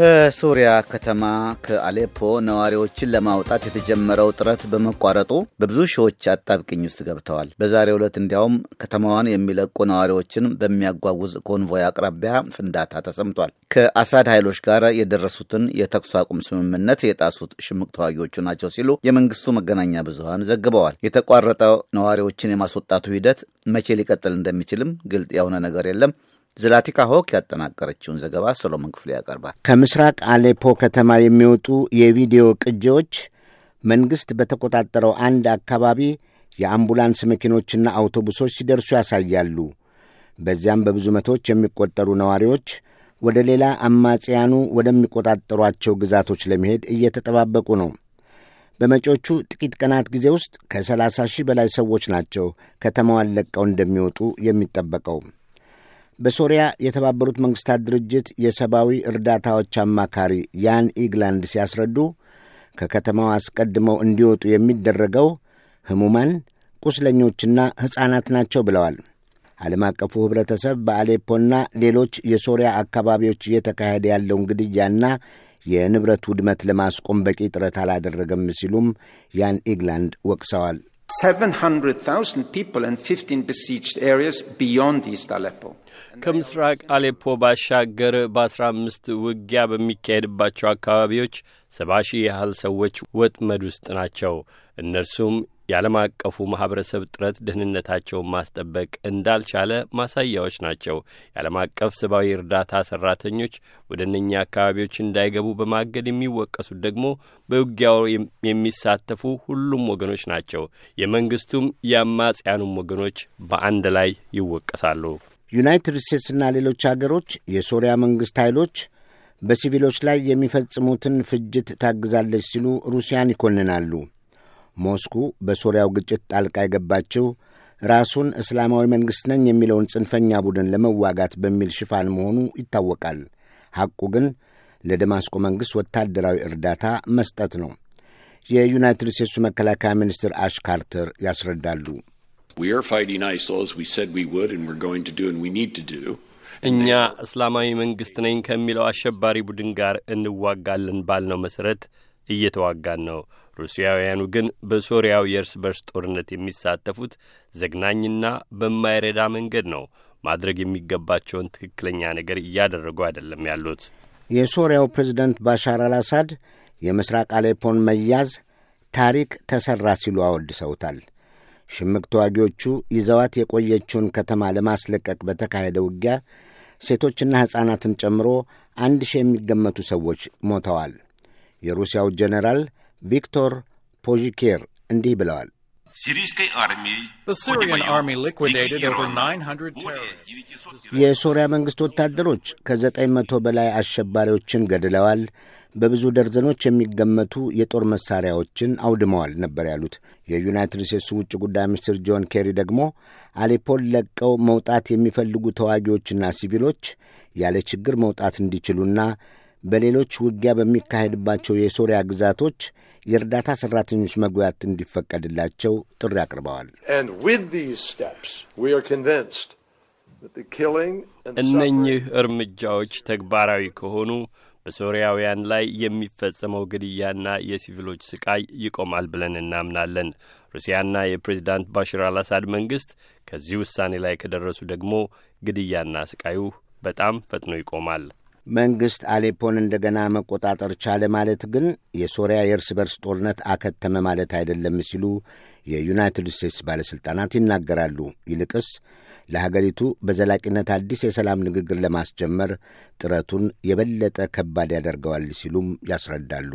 ከሱሪያ ከተማ ከአሌፖ ነዋሪዎችን ለማውጣት የተጀመረው ጥረት በመቋረጡ በብዙ ሺዎች አጣብቅኝ ውስጥ ገብተዋል። በዛሬው ዕለት እንዲያውም ከተማዋን የሚለቁ ነዋሪዎችን በሚያጓጉዝ ኮንቮይ አቅራቢያ ፍንዳታ ተሰምቷል። ከአሳድ ኃይሎች ጋር የደረሱትን የተኩስ አቁም ስምምነት የጣሱት ሽምቅ ተዋጊዎቹ ናቸው ሲሉ የመንግስቱ መገናኛ ብዙሃን ዘግበዋል። የተቋረጠው ነዋሪዎችን የማስወጣቱ ሂደት መቼ ሊቀጥል እንደሚችልም ግልጥ የሆነ ነገር የለም። ዝላቲካ ሆክ ያጠናቀረችውን ዘገባ ሰሎሞን ክፍሌ ያቀርባል። ከምስራቅ አሌፖ ከተማ የሚወጡ የቪዲዮ ቅጂዎች መንግሥት በተቆጣጠረው አንድ አካባቢ የአምቡላንስ መኪኖችና አውቶቡሶች ሲደርሱ ያሳያሉ። በዚያም በብዙ መቶዎች የሚቆጠሩ ነዋሪዎች ወደ ሌላ አማጽያኑ ወደሚቆጣጠሯቸው ግዛቶች ለመሄድ እየተጠባበቁ ነው። በመጪዎቹ ጥቂት ቀናት ጊዜ ውስጥ ከ30 ሺህ በላይ ሰዎች ናቸው ከተማዋን ለቀው እንደሚወጡ የሚጠበቀው። በሶሪያ የተባበሩት መንግሥታት ድርጅት የሰብአዊ እርዳታዎች አማካሪ ያን ኢግላንድ ሲያስረዱ ከከተማዋ አስቀድመው እንዲወጡ የሚደረገው ሕሙማን፣ ቁስለኞችና ሕፃናት ናቸው ብለዋል። ዓለም አቀፉ ኅብረተሰብ በአሌፖና ሌሎች የሶሪያ አካባቢዎች እየተካሄደ ያለውን ግድያና የንብረት ውድመት ለማስቆም በቂ ጥረት አላደረገም ሲሉም ያን ኢግላንድ ወቅሰዋል። 700,000 people and 15 besieged areas beyond East Aleppo. ከምስራቅ አሌፖ ባሻገር በ15 ውጊያ በሚካሄድባቸው አካባቢዎች 70 ሺህ ያህል ሰዎች ወጥመድ ውስጥ ናቸው። እነርሱም የዓለም አቀፉ ማህበረሰብ ጥረት ደህንነታቸውን ማስጠበቅ እንዳልቻለ ማሳያዎች ናቸው። የዓለም አቀፍ ሰብአዊ እርዳታ ሰራተኞች ወደ እነኛ አካባቢዎች እንዳይገቡ በማገድ የሚወቀሱት ደግሞ በውጊያው የሚሳተፉ ሁሉም ወገኖች ናቸው። የመንግስቱም የአማጽያኑም ወገኖች በአንድ ላይ ይወቀሳሉ። ዩናይትድ ስቴትስና ሌሎች አገሮች የሶሪያ መንግስት ኃይሎች በሲቪሎች ላይ የሚፈጽሙትን ፍጅት ታግዛለች ሲሉ ሩሲያን ይኮንናሉ። ሞስኩ በሶሪያው ግጭት ጣልቃ የገባችው ራሱን እስላማዊ መንግሥት ነኝ የሚለውን ጽንፈኛ ቡድን ለመዋጋት በሚል ሽፋን መሆኑ ይታወቃል። ሐቁ ግን ለደማስቆ መንግሥት ወታደራዊ እርዳታ መስጠት ነው። የዩናይትድ ስቴትሱ መከላከያ ሚኒስትር አሽ ካርተር ያስረዳሉ። እኛ እስላማዊ መንግሥት ነኝ ከሚለው አሸባሪ ቡድን ጋር እንዋጋለን ባልነው መሠረት እየተዋጋን ነው። ሩሲያውያኑ ግን በሶሪያው የእርስ በርስ ጦርነት የሚሳተፉት ዘግናኝና በማይረዳ መንገድ ነው። ማድረግ የሚገባቸውን ትክክለኛ ነገር እያደረጉ አይደለም ያሉት የሶሪያው ፕሬዝደንት ባሻር አልአሳድ የምስራቅ አሌፖን መያዝ ታሪክ ተሠራ ሲሉ አወድሰውታል። ሽምቅ ተዋጊዎቹ ይዘዋት የቆየችውን ከተማ ለማስለቀቅ በተካሄደ ውጊያ ሴቶችና ሕፃናትን ጨምሮ አንድ ሺህ የሚገመቱ ሰዎች ሞተዋል። የሩሲያው ጀነራል ቪክቶር ፖዥኬር እንዲህ ብለዋል። የሶሪያ መንግሥት ወታደሮች ከዘጠኝ መቶ በላይ አሸባሪዎችን ገድለዋል፣ በብዙ ደርዘኖች የሚገመቱ የጦር መሣሪያዎችን አውድመዋል ነበር ያሉት። የዩናይትድ ስቴትስ ውጭ ጉዳይ ሚኒስትር ጆን ኬሪ ደግሞ አሌፖን ለቀው መውጣት የሚፈልጉ ተዋጊዎችና ሲቪሎች ያለ ችግር መውጣት እንዲችሉና በሌሎች ውጊያ በሚካሄድባቸው የሶሪያ ግዛቶች የእርዳታ ሠራተኞች መግባት እንዲፈቀድላቸው ጥሪ አቅርበዋል። እነኚህ እርምጃዎች ተግባራዊ ከሆኑ በሶርያውያን ላይ የሚፈጸመው ግድያና የሲቪሎች ስቃይ ይቆማል ብለን እናምናለን። ሩሲያና የፕሬዚዳንት ባሽር አልአሳድ መንግሥት ከዚህ ውሳኔ ላይ ከደረሱ ደግሞ ግድያና ስቃዩ በጣም ፈጥኖ ይቆማል። መንግሥት አሌፖን እንደገና መቆጣጠር ቻለ ማለት ግን የሶሪያ የእርስ በርስ ጦርነት አከተመ ማለት አይደለም ሲሉ የዩናይትድ ስቴትስ ባለሥልጣናት ይናገራሉ። ይልቅስ ለሀገሪቱ በዘላቂነት አዲስ የሰላም ንግግር ለማስጀመር ጥረቱን የበለጠ ከባድ ያደርገዋል ሲሉም ያስረዳሉ።